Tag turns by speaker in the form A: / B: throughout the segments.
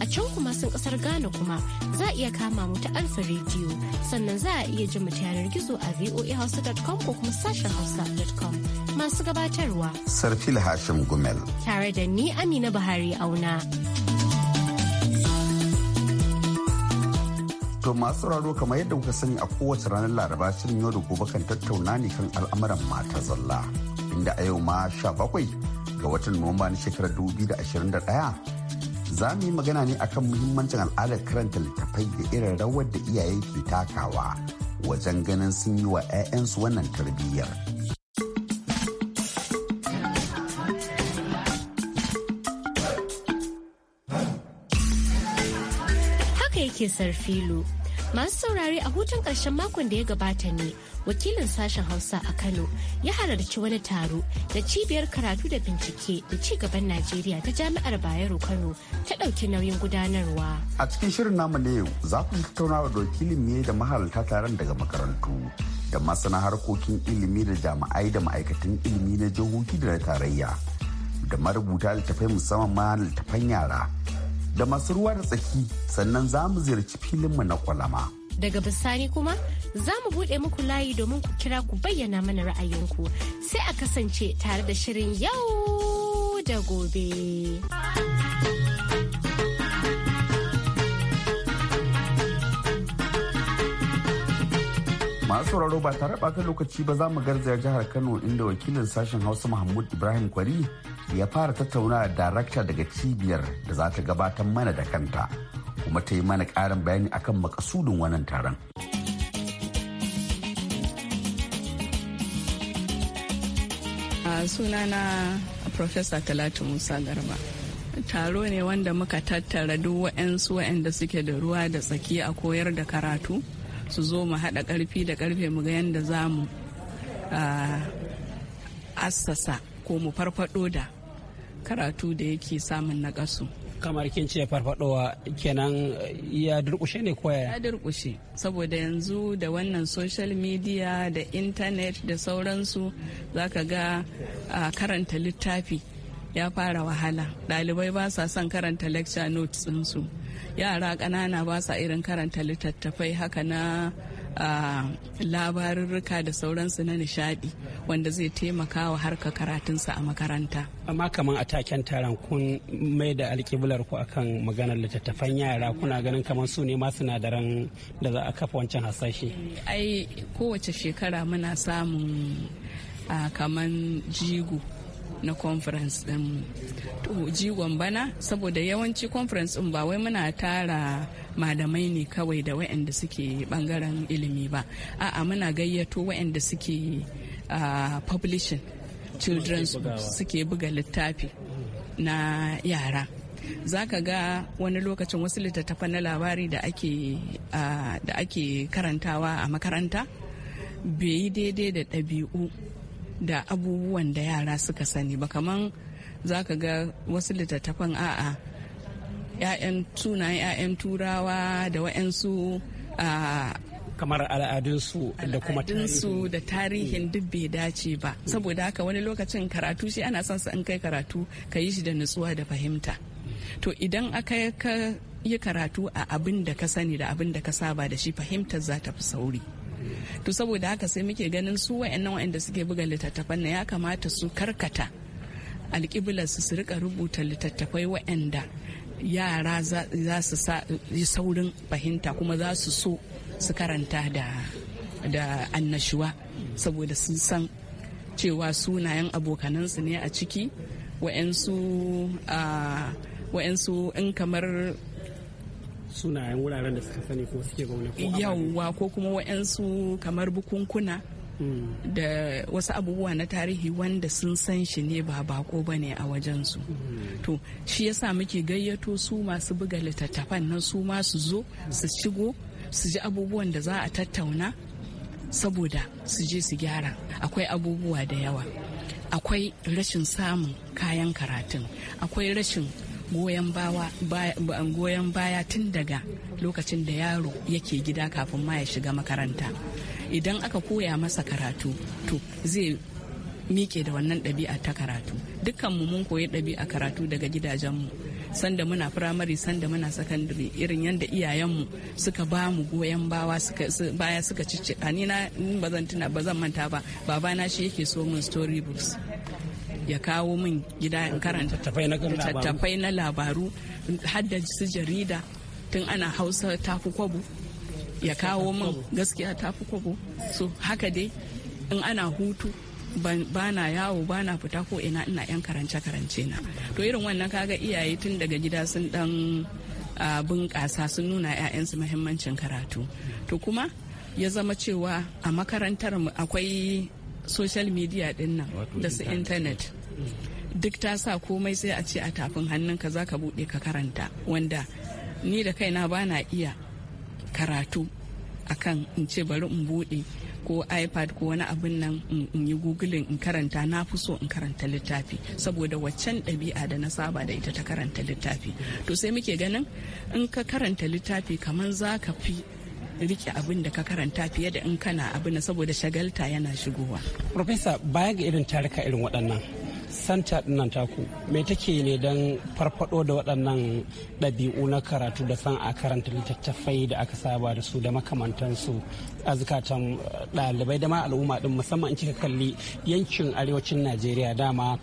A: a can kuma sun kasar Ghana kuma za a iya kama mu ta alfa rediyo sannan za a iya ji mu yanar gizo a voahouse.com ko kuma sashen hausa.com masu gabatarwa.
B: Sarfil Hashim Gumel.
A: Tare da ni Amina Buhari Auna.
B: To masu raro kamar yadda kuka sani a kowace ranar laraba shirin yau da gobe kan tattauna ne kan al'amuran mata zalla. Inda a yau ma sha bakwai ga watan Nuwamba na shekarar 2021 za mu yi magana ne akan muhimmancin al'adar karanta littattafai da irin rawar da iyaye ke takawa wajen ganin sun yi wa 'ya'yansu wannan tarbiyyar.
A: Haka yake sarfilo Masu saurare a hutun karshen makon da ya gabata ne wakilin sashen Hausa a Kano ya halarci wani taro da cibiyar karatu da bincike da ci gaban Najeriya ta Jami'ar Bayero Kano ta ɗauki nauyin gudanarwa.
B: A cikin shirin namu na yau za ku tattaunawa da wakilin me da mahalarta taron daga makarantu da masana harkokin ilimi da jami'ai da ma'aikatan ilimi na jihohi da na tarayya da marubuta littafai musamman ma littattafan yara da masu ruwa da tsaki sannan za mu ziyarci filinmu na kwalama.
A: Daga bisani kuma za mu buɗe muku layi domin ku kira ku bayyana mana ra'ayinku sai a kasance tare da shirin yau da gobe.
B: masu sauraro ba tare ɓata lokaci ba za mu garzaya jihar kano inda wakilin sashen hausa mahmud ibrahim kwari ya fara tattauna da darakta daga cibiyar da za ta gabatar mana da kanta kuma ta yi mana ƙarin bayani akan makasudin wannan taron
C: sunana Profesa Talatu Musa Garba. Taro ne wanda muka tattara duk wa'yansu wa'yanda suke da ruwa da tsaki a koyar da karatu su zo mu haɗa ƙarfi da ƙarfe mu ga yadda za mu assasa ko mu farfaɗo da karatu da yake samun na kamar kin ce farfadowa kenan ya durkushe ne koya ya durkushe saboda yanzu da wannan social media da intanet da sauransu zaka ga a karanta littafi ya fara wahala ɗalibai ba sa son karanta lecture notes ɗinsu yara ƙanana ba sa irin karanta littattafai haka na labarurruka da sauransu na nishadi wanda zai taimaka wa harka karatunsa a makaranta.
D: Amma kamar a taken taron kun mai da alkiblar ku akan maganar littattafan yara kuna ganin kamar su ne ma sinadaran da za a kafa wancan hasashe.
C: Ai kowace shekara muna samun kamar jigo na conference din to jigon bana saboda yawanci conference din ba wai muna tara malamai ne kawai da waɗanda suke bangaren ilimi ba a'a muna gayyato wayanda suke publishing children's suke buga littafi na yara za ka ga wani lokacin wasu littattafan na labari da ake, karantawa a makaranta bai yi daidai da ɗabi'u da abubuwan da yara suka sani ba kaman za ka ga wasu littattafan a'a ya'yan sunayen ya'yan turawa da wa'yansu
D: kamar al'adunsu da kuma al'adunsu da tarihin
C: duk bai dace ba saboda haka wani lokacin karatu shi ana son sa in kai karatu ka yi shi da nutsuwa da fahimta to idan aka yi karatu a abin da ka sani da abin da ka saba da shi fahimtar za ta fi sauri to saboda haka sai muke ganin su wa'annan wa'anda suke buga littattafan na ya kamata su karkata alƙiblarsu su rika rubuta littattafai wa'anda yara za su yi saurin fahimta kuma za su so su karanta da annashuwa saboda sun san cewa sunayen abokanansu ne a ciki wa'ansu ah, in kamar sunayen wuraren da suka sani ko suke gauna ko yawwa ko kuma wa'yansu kamar bukunkuna hmm. da wasu abubuwa na tarihi wanda sun san shi ne ba bako ba ne a wajensu hmm. to shi yasa muke gayyato su masu buga littattafan nan su ma su zo su shigo su ji abubuwan da za a tattauna saboda su je su gyara akwai abubuwa da yawa akwai rashin samun kayan karatun akwai rashin goyon goyon baya tun daga lokacin da yaro yake gida kafin ma ya shiga makaranta idan aka koya masa karatu to zai mike da wannan ɗabi'a ta karatu dukkanmu mun koyi ɗabi'a karatu daga gidajenmu sanda muna firamare sanda muna sakandare irin yadda iyayenmu suka ba mu goyon bawa suka baya suka ciccika ni na bazan tuna ba manta ba babana shi yake so min story books ya kawo min gida in karanta tattafai na labaru hadda su jarida tun ana hausa tafi kwabo ya kawo min gaskiya tafi kwabo so haka dai in ana hutu ba na yawo ba na fita ko ina ina yan karance karance na to irin wannan kaga iyaye tun daga gida sun dan bunƙasa sun nuna 'ya'yansu mahimmancin karatu to kuma ya zama cewa a makarantar akwai social media din da su intanet. duk ta sa komai sai a ce a tafin hannunka za ka buɗe ka karanta wanda ni da kaina ba na iya karatu akan in ce bari in buɗe ko ipad ko wani abin nan in yi googling in karanta na fi so in karanta littafi saboda waccan ɗabi'a da na saba da ita ta karanta littafi to sai muke ganin in ka karanta littafi kamar za ka fi rike abin da ka karanta fiye da in kana abin saboda shagalta yana shigowa. Profesa baya
D: ga irin tarika irin waɗannan santa dinnan taku me take ne don farfado da waɗannan ɗabi'u na karatu da san a karanta littattafai da aka saba da su da makamantansu a zukatan eh, ɗalibai da ma al'umma din musamman in kika kalli yankin arewacin najeriya dama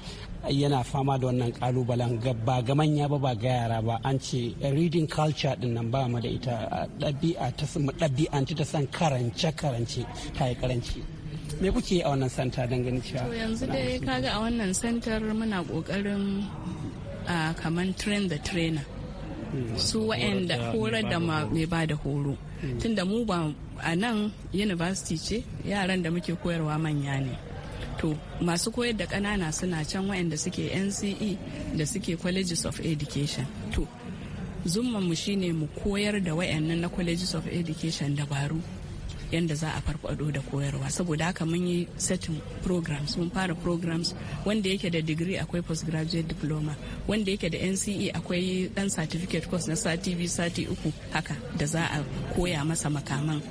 D: yana fama da wannan kalubalen ba ga manya ba ba ga yara ba an ce reading culture din nan ba mu da ita ɗabi'a ta san karance karance ta yi karanci me kuke a wannan santa don ganin cewa to yanzu dai kaga
C: a wannan santar muna kokarin kamar train the trainer hmm. su waɗanda horar da mai ba da horo hmm. tunda mu ba a nan university ce yaran da muke koyarwa manya ne to masu koyar da kanana suna can waɗanda suke nce da suke colleges of education to mu shine mu koyar da waɗannan na colleges of education dabaru yadda za a farfado da koyarwa saboda haka mun yi setting programs mun fara programs wanda yake da digiri akwai postgraduate diploma wanda yake da nce akwai dan certificate course na sati biyu sati uku haka da za a koya masa makaman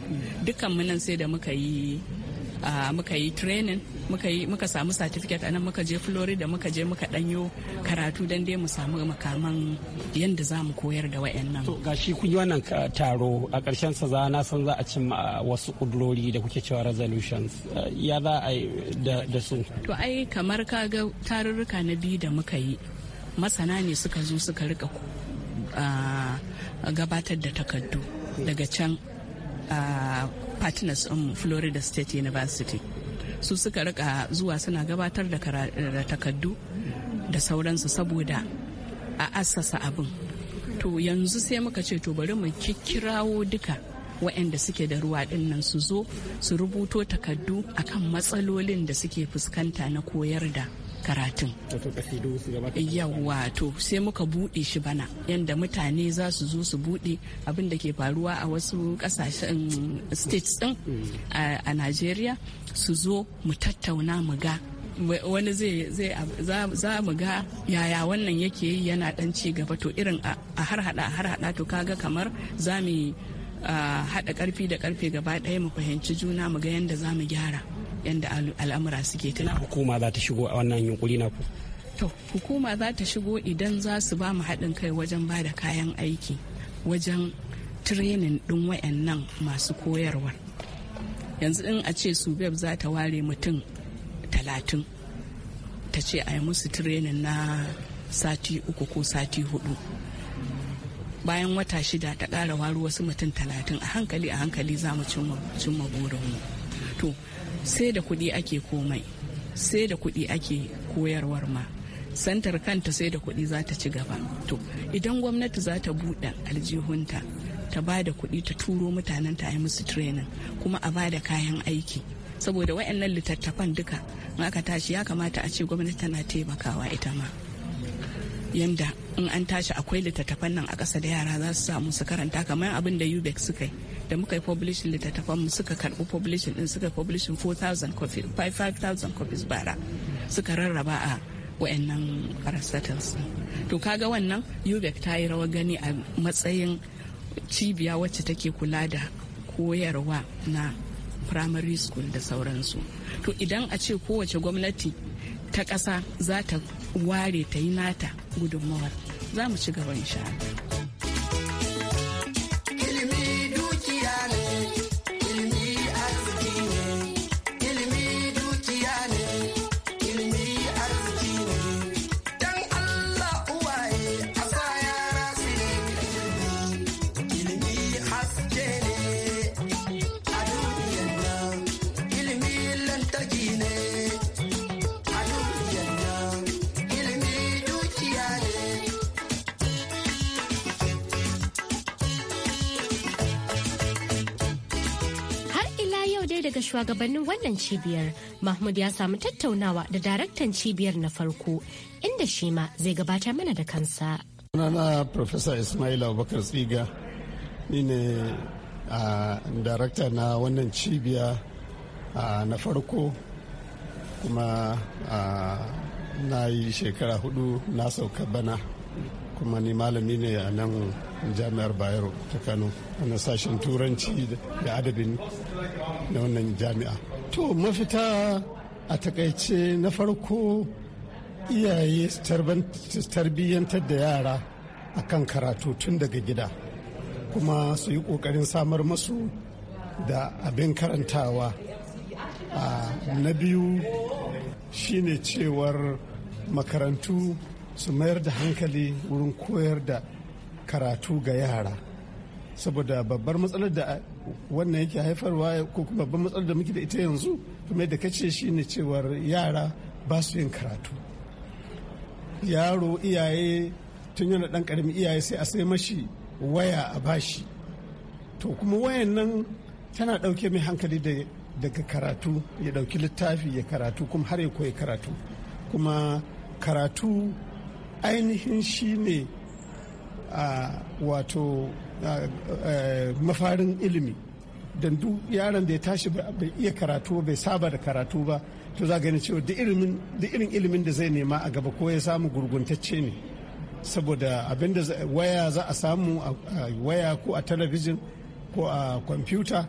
C: dukkan nan sai da muka yi muka yi training muka yi muka samu certificate anan muka je Florida muka je muka danyo karatu dan dai mu samu makaman yanda za mu koyar da wayannan
D: to gashi kun yi wannan taro a ƙarshen sa za na san za a ci wasu kudurori da kuke cewa resolutions ya za a da su
C: to ai kamar ka ga tarurruka na biyu da muka yi masana ne suka zo suka rika gabatar da takardu daga can partners mu florida state university su suka rika zuwa suna gabatar da takardu da sauransu saboda a assasa abin to yanzu sai muka ce to bari mu kikkirawo duka waɗanda suke da ruwa dinnan su zo su rubuto takardu akan matsalolin da suke fuskanta na koyar da karatun Yawwa to sai muka buɗe shi bana yadda mutane za su zo su buɗe abin da ke faruwa a wasu ƙasashen eh, states ɗin mm. a najeriya su zo mu tattauna mu ga wani zai za mu ga yaya wannan yake yi yana dan ci gaba to irin a har hada har hada to kaga kamar za mu ah, hada karfi da karfe gaba daya mu fahimci juna mu ga yadda za mu gyara yadda al'amura suke tana
D: hukuma za ta shigo a wannan yunkuri na ku
C: to hukuma za ta shigo idan za su ba mu haɗin kai wajen ba da kayan aiki wajen tirenin ɗin wayannan masu koyarwa yanzu in a ce subeb za ta ware mutum talatin ta ce a yi musu tirenin na sati uku ko sati hudu bayan wata shida ta ƙara waro wasu mutum talatin a hankali a hankali za mu cimma burinmu to sai da kuɗi ake komai sai da kuɗi ake koyarwar ma santar kanta sai da kuɗi za ta ci gaba to idan gwamnati za ta buɗe aljihunta ta ba da kuɗi ta turo mutanen ta yi musu training kuma a ba da kayan aiki saboda wa'annan littattafan duka in aka tashi ya kamata a ce gwamnati tana taimakawa ita ma yanda in an tashi akwai littattafan nan a ƙasa da yara za su samu su karanta kamar abin da ubex suka yi da muka yi publishing littattafan mu suka karɓi publishing din suka publishing 4,000 copies 5,000 copies bara suka rarraba a wa'annan parastatals to kaga wannan ubex ta yi rawar gani a matsayin cibiya wacce take kula da koyarwa na primary school da sauransu to idan a ce kowace gwamnati ta ƙasa za ta ware ta yi nata gudunmawar za mu ci gaba insha
A: daga shugabannin wannan cibiyar mahmud ya samu tattaunawa da daraktan cibiyar na farko inda shi ma zai gabata mana da kansa
E: sunana professor ismail abubakar tsiga ni ne a darakta na wannan cibiya na farko kuma na yi shekara hudu na sauka bana kuma ni malami ne a nan jami'ar bayero ta kano na sashen turanci da adabin na wannan jami'a to mafita a takaice na farko iyaye tarbiyyantar da yara a kan karatu tun daga gida kuma su yi kokarin samar masu da abin karantawa ah, na biyu shine cewar makarantu su mayar da hankali wurin koyar da karatu ga yara saboda babbar matsalar da wannan yake haifarwa ko kuma babbar matsalar da muke da ita yanzu kuma da kace ne cewar yara ba su yin karatu yaro iyaye tun yana dan karami iyaye sai a sai mashi waya a bashi to kuma wayan nan tana dauke mai hankali daga karatu ya dauki littafi ya karatu kuma har ya koyi karatu kuma karatu ainihin shi ne wato mafarin ilimi don duk yaron da ya tashi bai iya karatu bai saba da karatu ba to za gani cewa duk irin ilimin da zai nema a gaba ko ya samu gurguntacce ne saboda abinda waya za a samu a waya ko a talabijin ko a kwamfuta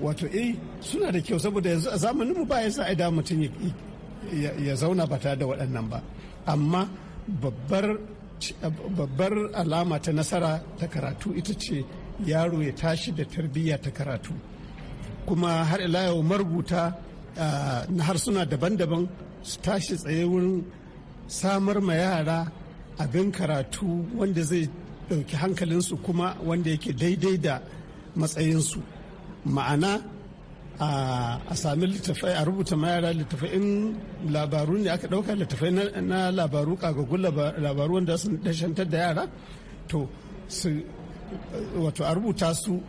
E: wato eh suna da kyau saboda yanzu a zamanin mu ba ya sa mutum ya zauna ba tare da waɗannan ba amma babbar alama ta nasara ta karatu ita ce yaro ya tashi da tarbiyya ta karatu kuma har ila yau marubuta na harsuna daban-daban su tashi tsaye wurin samar ma yara abin karatu wanda zai ɗauki hankalinsu kuma wanda yake daidai da matsayinsu ma'ana a sami littafai a rubuta mayara littafai in labaru ne aka ɗauka littafai na labaru kagagun labaru wanda sun dashantar da yara to su wato a rubuta su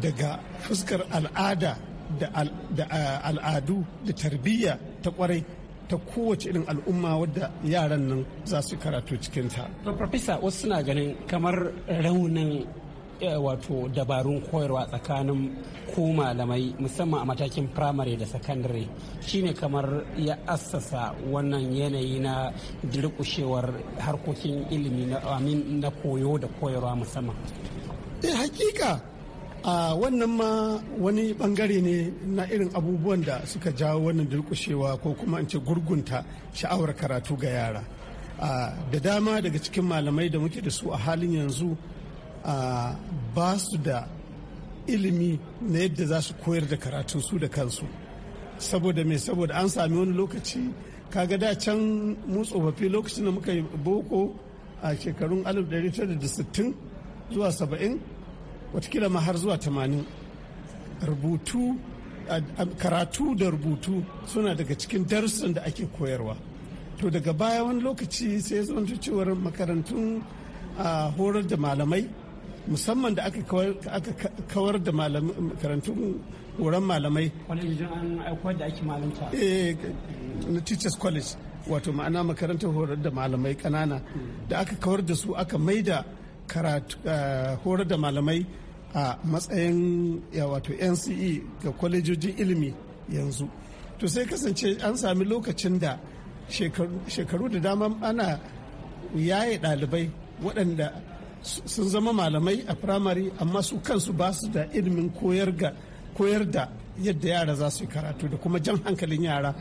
E: daga fuskar al'ada da al'adu da tarbiyya ta kwarai ta
D: kowace irin al'umma wadda yaran nan za su karatu cikinta. Profesa wasu suna ganin kamar raunin Eh, wato dabarun koyarwa tsakanin ko malamai musamman a matakin firamare da sakandare shine kamar ya assasa wannan yanayi na dirkushewar harkokin ilimi na koyo da koyarwa musamman eh hakika a wannan ma
E: wani bangare ne na irin abubuwan da suka jawo wannan durkushewa ko kuma in ce gurgunta sha'awar karatu ga yara da dama daga cikin malamai da muke da su a halin yanzu ba su da ilimi na yadda za su koyar da karatun su da kansu saboda mai saboda an sami wani lokaci kaga da can mu tsofaffi lokacin da muka yi boko a shekarun 1960 zuwa 70 watakila ma har zuwa 80 rubutu karatu da rubutu suna daga cikin darussan da ake koyarwa to daga baya wani lokaci sai ya zonta cewar makarantun horar da malamai musamman da aka kawar da karantun malamai eh, na teachers college wato ma'ana makarantar horar da malamai kanana da aka kawar da su aka maida eh, horar da malamai a matsayin wato nce ga kwalejojin ilimi yanzu to sai kasance an sami lokacin da shekaru da dama ana yaye ɗalibai waɗanda sun zama malamai a firamare amma su kansu ba su da ilimin koyar da yadda yara za su yi karatu da kuma jan hankalin yara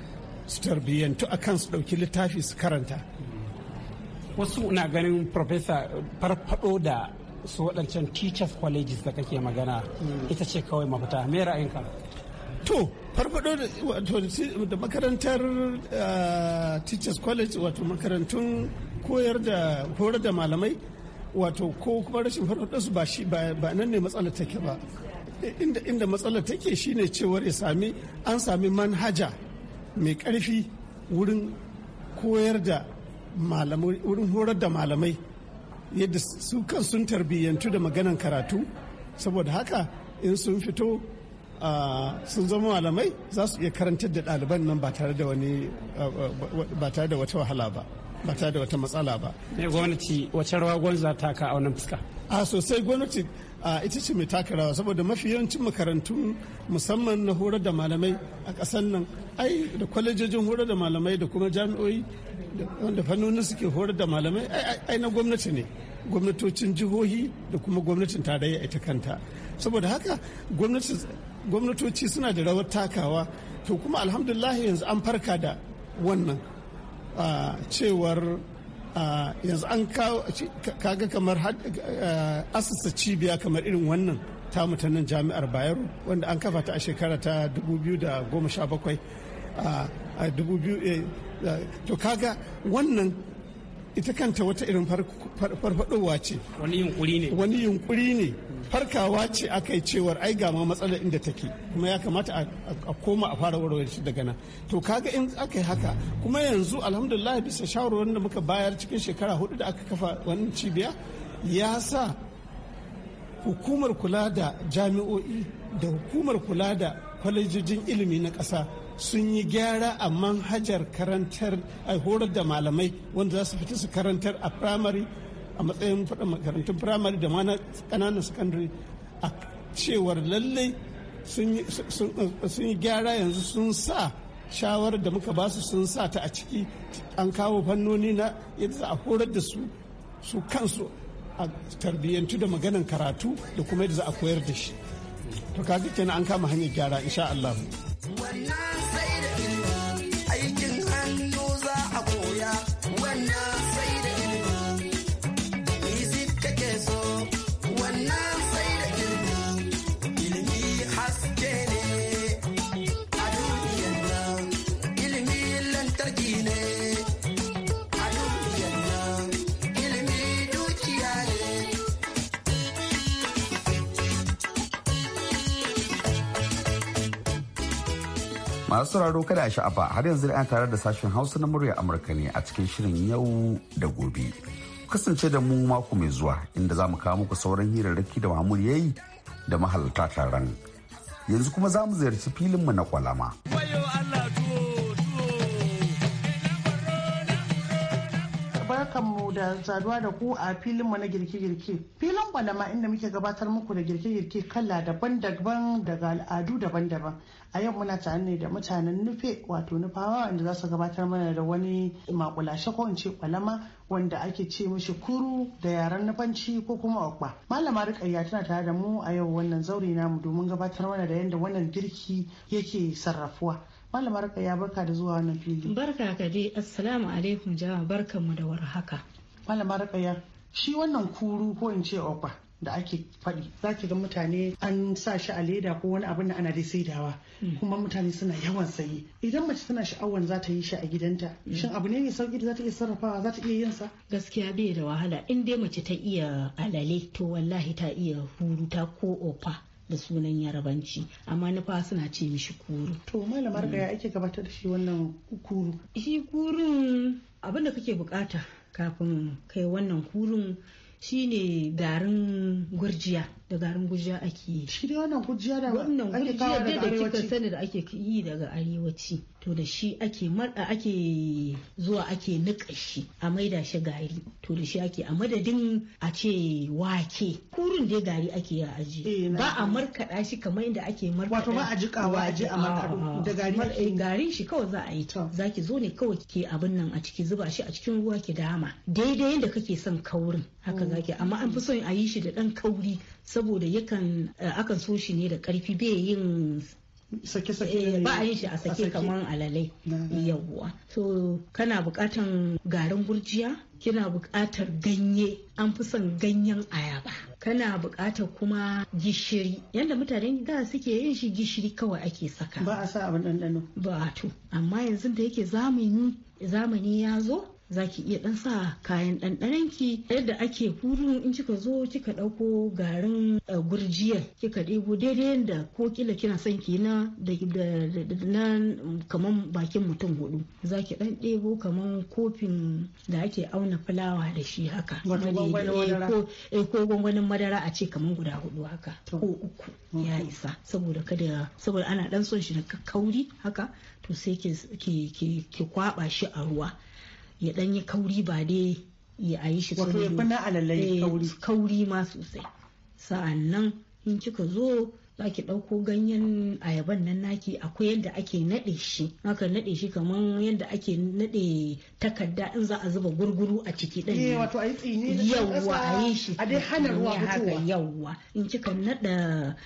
E: su tarbiyyantu a
D: kan su ɗauki littafi su karanta wasu na ganin profesa farfado da su waɗancan teachers colleges da kake magana hmm. ita ce kawai mafita me ra'ayinka
E: to farfado da makarantar eh, teachers college wato makarantun koyar da horar da malamai wato ko kuma rashin farfadarsu ba shi ba nan ne matsalar take ba inda inda matsalar take shine cewar ya sami an sami manhaja mai karfi wurin koyar da malamai wurin horar da malamai yadda su kan sun tarbiyyantu da maganan karatu saboda haka in sun fito sun zama malamai za su iya karantar da ɗaliban nan ba tare da wata wahala ba ba tare da wata matsala ba. Me gwamnati wace rawa gwamnati za ta ka a wannan fuska? A sosai gwamnati ita ce mai taka rawa saboda mafi yawancin makarantu musamman na horar da malamai a ƙasar nan ai da kwalejojin horar da malamai da kuma jami'oi wanda fannonin suke horar da malamai ai na gwamnati ne gwamnatocin jihohi da kuma gwamnatin tarayya ita kanta saboda haka gwamnatoci suna da rawar takawa to kuma alhamdulillah yanzu an farka da wannan cewar yanzu an kaga kamar asasa cibiya kamar irin wannan ta mutanen jami'ar bayero wanda an kafa ta a shekara ta 2017 eh, to kaga wannan ita kanta wata irin farfadowa ce wani yunkuri ne wani yunkuri ne farkawa ce aka yi cewar ai ga ma matsalar inda take kuma ya kamata a koma a fara warware shi daga nan to kaga in aka yi haka kuma yanzu alhamdulillah bisa shawarwarin da muka bayar cikin shekara hudu da aka kafa wannan cibiya ya sa hukumar kula da jami'o'i da hukumar kula da kwalejojin ilimi na ƙasa sun yi gyara a manhajar karantar a horar da malamai wanda za su fita su karantar a primary a matsayin faɗin makarantun firamare da ma na ƙananan sakandare a cewar lallai sun yi gyara yanzu sun sa shawarar da muka basu sun sa ta a ciki an kawo fannoni na yadda a horar da su su kansu a tarbiyyantu da maganan karatu da kuma yadda za a koyar da shi to kaga kenan an kama hanyar gyara insha Allah
B: masu sauraro kada a sha'afa har yanzu da tare da sashen hausa na murya amurka ne a cikin shirin yau da gobe kasance da mu mako mai zuwa inda za mu kawo muku sauran hirarraki da mahmud ya yi da mahalarta taron yanzu kuma za mu ziyarci filin mu na kwalama.
F: da saduwa da ku a filinmu na girke-girke. Filin balama inda muke gabatar muku da girke-girke kala daban-daban daga al'adu daban-daban. A yau muna tare ne da mutanen nufe wato nufawa wanda za su gabatar mana da wani makulashe ko in ce kwalama wanda ake ce mishi kuru da yaren nufanci ko kuma okpa. Malama Rukayya tana tare da mu a yau wannan zaure namu domin gabatar mana da yadda wannan girki yake sarrafuwa. Malama ya barka da zuwa wannan fili. Barka ka dai, Assalamu alaikum jama'a barkanmu da warhaka. malama rakaya shi wannan kuru ko in ce okwa da ake faɗi za ga mutane an sa shi a leda ko wani abin da ana dai saidawa hmm. kuma mutane suna yawan saye idan mace tana sha'awar za ta yi shi a gidanta
G: hmm. shin abu ne mai sauki da za ta iya sarrafawa za ta iya yin sa gaskiya bai da wahala in dai mace ta iya alale to wallahi ta iya huruta ko opa da sunan yarabanci amma nufa suna ce mishi kuru to malamar ga hmm. ake gabatar da shi wannan kuru shi kurun abin da kake bukata kafin kai wannan kurun shine garin gurjiya da garin gujiya ake yi shi wannan gujiya da wannan kika sani da ake yi daga arewaci to da shi ake marɗa ake zuwa ake nika shi a maida shi gari to da shi ake a madadin a ce wake kurun dai gari ake yi a aji eh, ba a markaɗa shi kamar yadda ake markaɗa. wato ba a jiƙa a aji a markaɗa. da gari shi kawai za a yi ki zo ne kawai ke abin nan a ciki zuba shi a cikin ruwa ki dama daidai yadda kake son kaurin haka oh. zaki amma an fi son a yi shi da ɗan kauri saboda yakan eh, akan so shi ne da karfi bai yin eh, ba a yin shi a sake kamar alalai yawwa so kana bukatan garin gurjiya kina bukatar ganye an fi son ganyen ayaba kana bukatar kuma gishiri yadda mutanen da suke yin shi gishiri kawai ake saka ba a sa abin ɗanɗano ba to amma yanzu da yake zamani ya zo za ki iya dan sa kayan ɗanɗanon ki yadda ake hurun in kika zo kika ɗauko garin eh, gurjiyar kika ɗebo daidai yadda ko kila kina son ki na da na kaman bakin mutum hudu za ki ɗan ɗebo kaman kofin da ake auna fulawa da shi haka eh, eh, ko gwangwanin madara a ce kaman guda hudu haka ko uku ya isa saboda kada saboda ana ɗan son shi da kauri haka to sai ki kwaba shi a ruwa ya dan yi kauri ba dai ya a yi shi wato ya eh, kauri kauri ma sosai sa'annan in kika zo za ki ɗauko ganyen ayaban nan naki akwai yadda ake naɗe shi haka naɗe shi kamar yadda ake naɗe takarda in za a zuba gurguru a ciki ɗin eh, wato a yi tsini yawwa a yi shi a dai hana ruwa haka yawwa in kika naɗa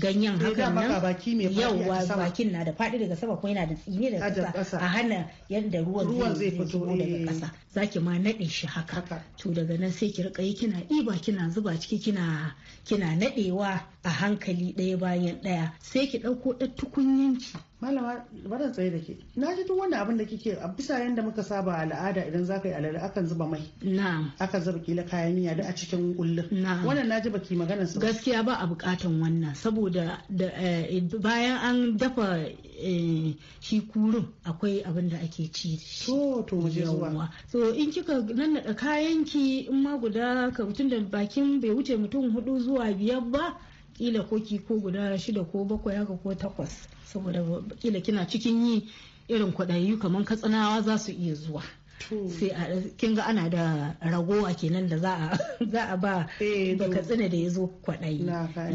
G: ganyen eh, haka nan yawwa bakin na da faɗi daga sama kuma yana da tsini daga ƙasa a hana yadda ruwan zai fito daga eh. ƙasa zaki ma naɗe shi haka to daga nan sai ki riƙa yi kina ɗiba kina zuba ciki kina kina naɗewa a hankali ɗaya bayan ɗaya sai ki ɗauko ɗan tukunyanki malama bada tsaye da ke na ji duk wanda abin da
F: kike a bisa yadda muka saba al'ada idan za ka yi alale akan zuba mai na'am akan zuba kila kayan
G: miya da a cikin kullum wannan na ji baki magana su gaskiya ba a bukatan wannan saboda eh, bayan an dafa eh, shi kurun akwai abin da ake ci to to mu je zuwa so in kika nannaɗa kayan ki in ma guda ka mutum da bakin bai wuce mutum hudu zuwa biyar ba kila ko ki ko guda shida ko bakwai haka ko takwas saboda kila kina cikin yi irin kwaɗayi kamar katsinawa za su iya zuwa sai a kin ga ana da ragowa kenan da za a ba eh, ba katsina da ya zo kwaɗayi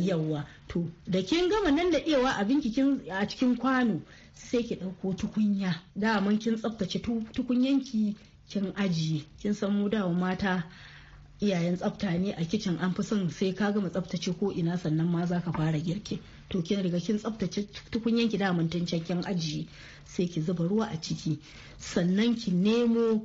G: yawa to da kin gama nan da ɗewa abinki a cikin kwano sai ki ɗauko tukunya daman kin tsaftace tukunyanki kin ajiye kin san mu dawa mata iyayen tsafta ne a kicin an fi son sai ka gama tsaftace ko ina sannan ma za ka fara girki to kin riga kin tsaftace tukunyan ki daman tun cikin ajiye sai ki zuba ruwa a ciki sannan ki nemo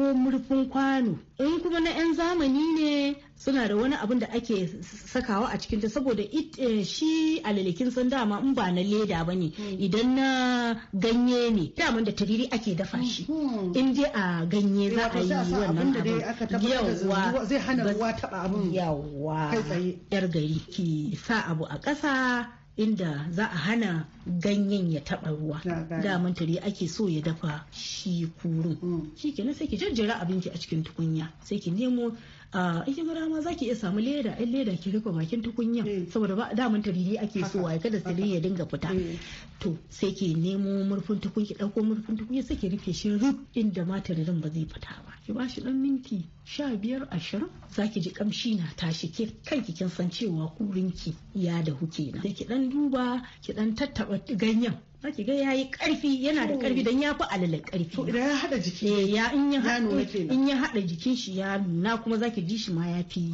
G: ko murfin kwano in kuma na 'yan zamani ne suna da wani abin da ake sakawa a cikinta saboda eh, shi a lalikin san dama in ba na leda ba ne hmm. idan na ganye ne daman da tariri ake dafa hmm, shi hmm. in dai a ganye za a yi wannan abin yawwa zai hana ruwa taba yar gari ki sa abu a ƙasa inda za a hana ganyen ya taɓa ruwa daman tare ake so ya dafa shi kurun mm. shi kenan sai ki jajjera abinki a cikin tukunya sai ki nemo a in rama ma zaki iya samu leda ɗan leda ki rufe bakin tukunya eh. saboda ba damun tariri ake so wa kada sirri ya dinga fita eh. to sai ki nemo murfin tukun ki ɗauko murfin tukun sai ki rufe shi rub inda ma taririn ba zai fita ba ki ba shi dan minti sha biyar ashirin zaki ji kamshi na tashi ke kanki kin san cewa kurinki ya dahu kenan. na sai ki dan duba ki ɗan tattaɓa ganyen zaki ga yayi karfi yana da karfi dan ya fi alala karfi to idan ya hada jiki ne. Eh, ya in ya nuna in ya hada jikin shi ya nuna kuma zaki ji shi ma ya fi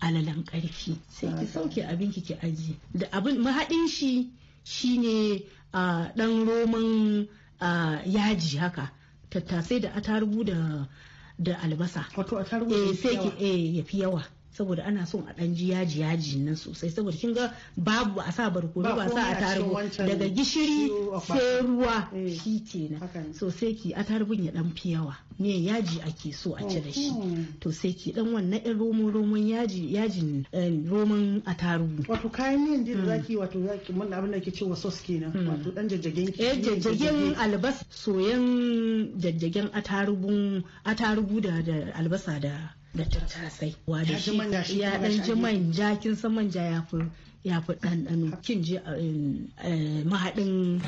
G: alalan karfi sai ki sauke abin ki ki aji da abin mahadin shi shine a dan roman yaji haka tattasai da atarugu da da albasa wato atarugu eh sai ki eh ya fi yawa saboda ana son a ɗan ji yaji yaji nan sosai saboda kin ga babu a sa barkono ba sa a tarugu daga gishiri sai ruwa eh, shi kenan so sai ki a tarugun ya dan fi yawa me yaji ake so a cire shi oh, hmm. to sai ki dan wannan ɗan romon romon yaji yajin eh, roman a tarugu wato kayan miyan da hmm. zaki wato zaki
F: mun abin da ke cewa sauce kenan hmm. wato dan jajjagen ki eh jajjagen albasa
G: soyan jajjagen a atarugu da albasa da da tattasai wa shi ya dan ji manja kin san manja ya fi ya fi ɗanɗano kin ji eh, eh, mahaɗin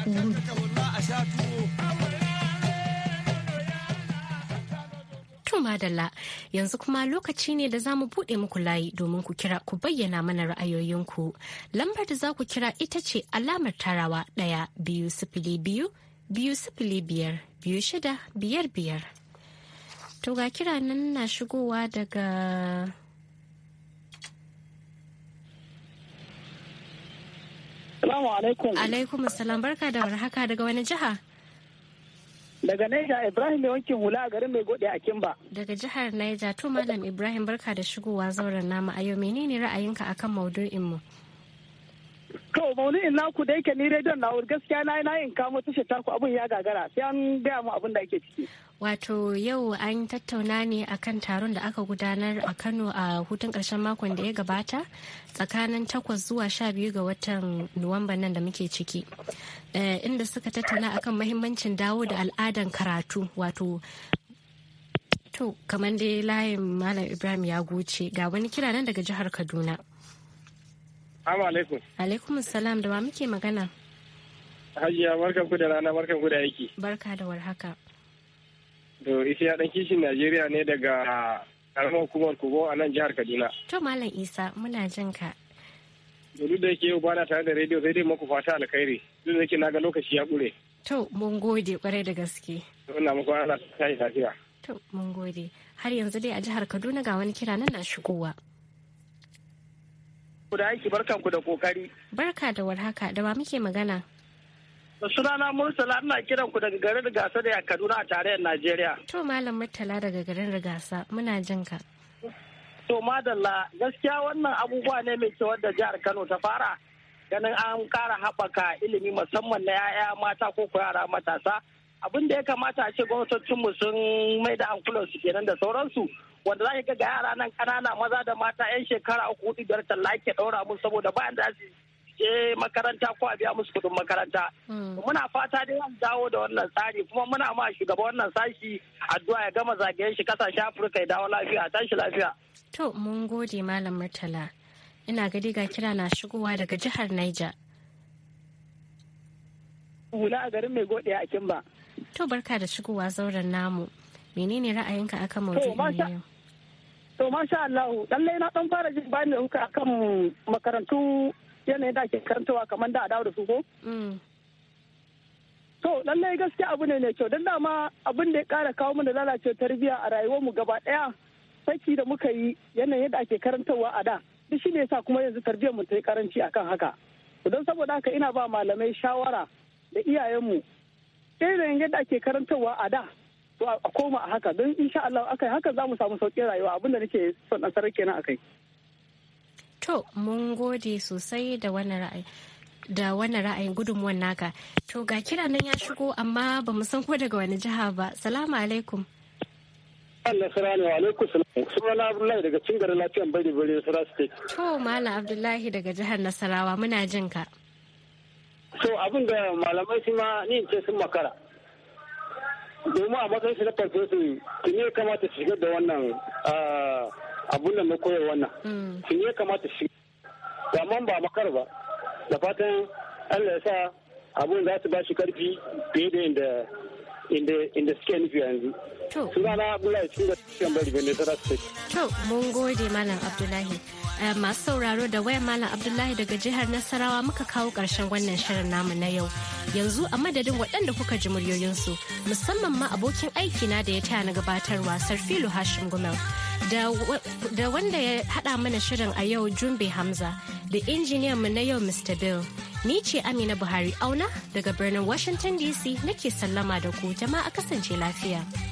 A: madalla yanzu kuma lokaci ne da za mu buɗe muku layi domin ku kira ku bayyana mana ra'ayoyinku lambar da za ku kira ita ce alamar tarawa ɗaya biyu sifili biyu biyu sifili biyar biyu shida biyar biyar to ga kira nan na shigowa daga Salamu alaikum. Alaikum salam barka da warhaka daga wani jiha? Daga
H: Naija Ibrahim mai wankin hula a garin mai gode a Kimba.
A: Daga jihar Naija to Malam Ibrahim barka da shigowa zauren nama a yau menene ra'ayinka akan maudu'in mu?
H: To maudu'in naku da yake ni rediyon na gaskiya na yi na yin kamo tashar taku abun ya gagara sai an gaya mu abun da ake ciki.
A: wato yau an tattauna ne akan taron da aka gudanar a kano a hutun ƙarshen makon da ya gabata tsakanin takwas zuwa sha biyu ga watan nuwamba nan da muke ciki eh, inda suka tattauna akan mahimmancin dawo da al'adan karatu wato to kamar dai layin malam ibrahim ya goce ga wani kira nan daga jihar kaduna alaikum salam da wa muke magana
E: hajiya barkan ku da rana barkan ku da aiki
A: barka da warhaka
E: To ya ɗan kishin Najeriya ne daga karamar hukumar Kogo a nan jihar Kaduna.
A: To Malam Isa muna jin ka.
E: Duk da yake yau bana tare da rediyo sai dai maku fata alkhairi. Duk da yake na ga lokaci ya ƙure.
A: To mun gode kwarai da gaske.
E: Ina muku ana tashi lafiya.
A: To mun gode. Har yanzu dai a jihar Kaduna ga wani kira nan na shigowa.
H: Ku da aiki barkanku da kokari.
A: Barka da warhaka da wa muke magana.
H: Sunana Murtala ina kiran ku daga garin Rigasa da Kaduna a tarayyar Najeriya.
A: To Malam Murtala daga garin Rigasa muna jin ka. To
H: madalla
A: gaskiya wannan
H: abubuwa ne mai kyau da jihar Kano ta fara ganin an kara haɓaka ilimi musamman na 'ya'ya mata ko yara matasa. Abin da ya kamata a ce gwamnatocinmu sun mai da su kenan da sauransu. wanda za ka ga yara nan ƙanana maza da mata 'yan shekara uku hudu biyar talla ake ɗaura mu saboda bayan da su je makaranta ko a biya musu kudin makaranta hmm. muna fata dai an dawo da wannan tsari kuma muna ma shugaba wannan sashi addu'a ya gama zagayen shi kasashen afirka ya dawo lafiya tashi lafiya
A: to mun gode malam murtala ina gadi ga kira na shigowa daga jihar niger
H: hula a garin mai godiya a kimba
A: to barka da shigowa zauren namu menene ra'ayinka akan maudu'in yau to masha Allah
H: lallai na dan fara jin bani da a akan makarantu yanayin da ke karantawa kamar da a dawo da su ko mm. to lallai gaskiya abu ne mai kyau don dama abin da ya kara kawo mana lalace tarbiyya a rayuwar mu gaba daya saki da muka yi yanayin yadda ake karantarwa a da duk shine yasa kuma yanzu tarbiyyar mu ta yi karanci akan haka don saboda haka ina ba malamai shawara da iyayenmu irin yadda ake karantarwa a da to a koma a haka don insha Allah akai haka za mu samu sauƙin rayuwa abin da nake son a kenan akai.
A: To, mun gode sosai da wani ra'ayi. da wannan ra'ayin gudunmuwan naka to ga kira nan ya shigo amma ba mu san ko daga wani jiha ba salamu alaikum
H: Allah sarani wa alaikum salam sunana Abdullahi daga cingar lafiyan bari bari Nasarawa state
A: to malam Abdullahi daga jihar Nasarawa muna jin ka
H: so abin da malamai su ma ni in ce sun makara domin a matsayin su na farfesu ne kamata su shigar da wannan ah, abun da na koya wannan mm. sun ya kamata shi man ba makar ba da fatan allah ya sa abun za su ba shi karfi fiye da inda inda suke nufi yanzu. To. Suna na ya cikin da cikin bari bane tara su
A: To, mun gode Malam Abdullahi. Eh, masu sauraro da wayan Malam Abdullahi daga jihar Nasarawa muka kawo karshen wannan shirin namu na yau. Yanzu a madadin waɗanda kuka ji muryoyinsu musamman ma abokin aiki na da ya taya na gabatarwa Sarfilu Hashim Gumel. da wanda ya haɗa mana shirin a yau Jumbe Hamza da injiniyan mu na yau Mr. Bill. Ni ce Amina Buhari Auna daga birnin Washington DC nake sallama da ku jama'a kasance
C: lafiya.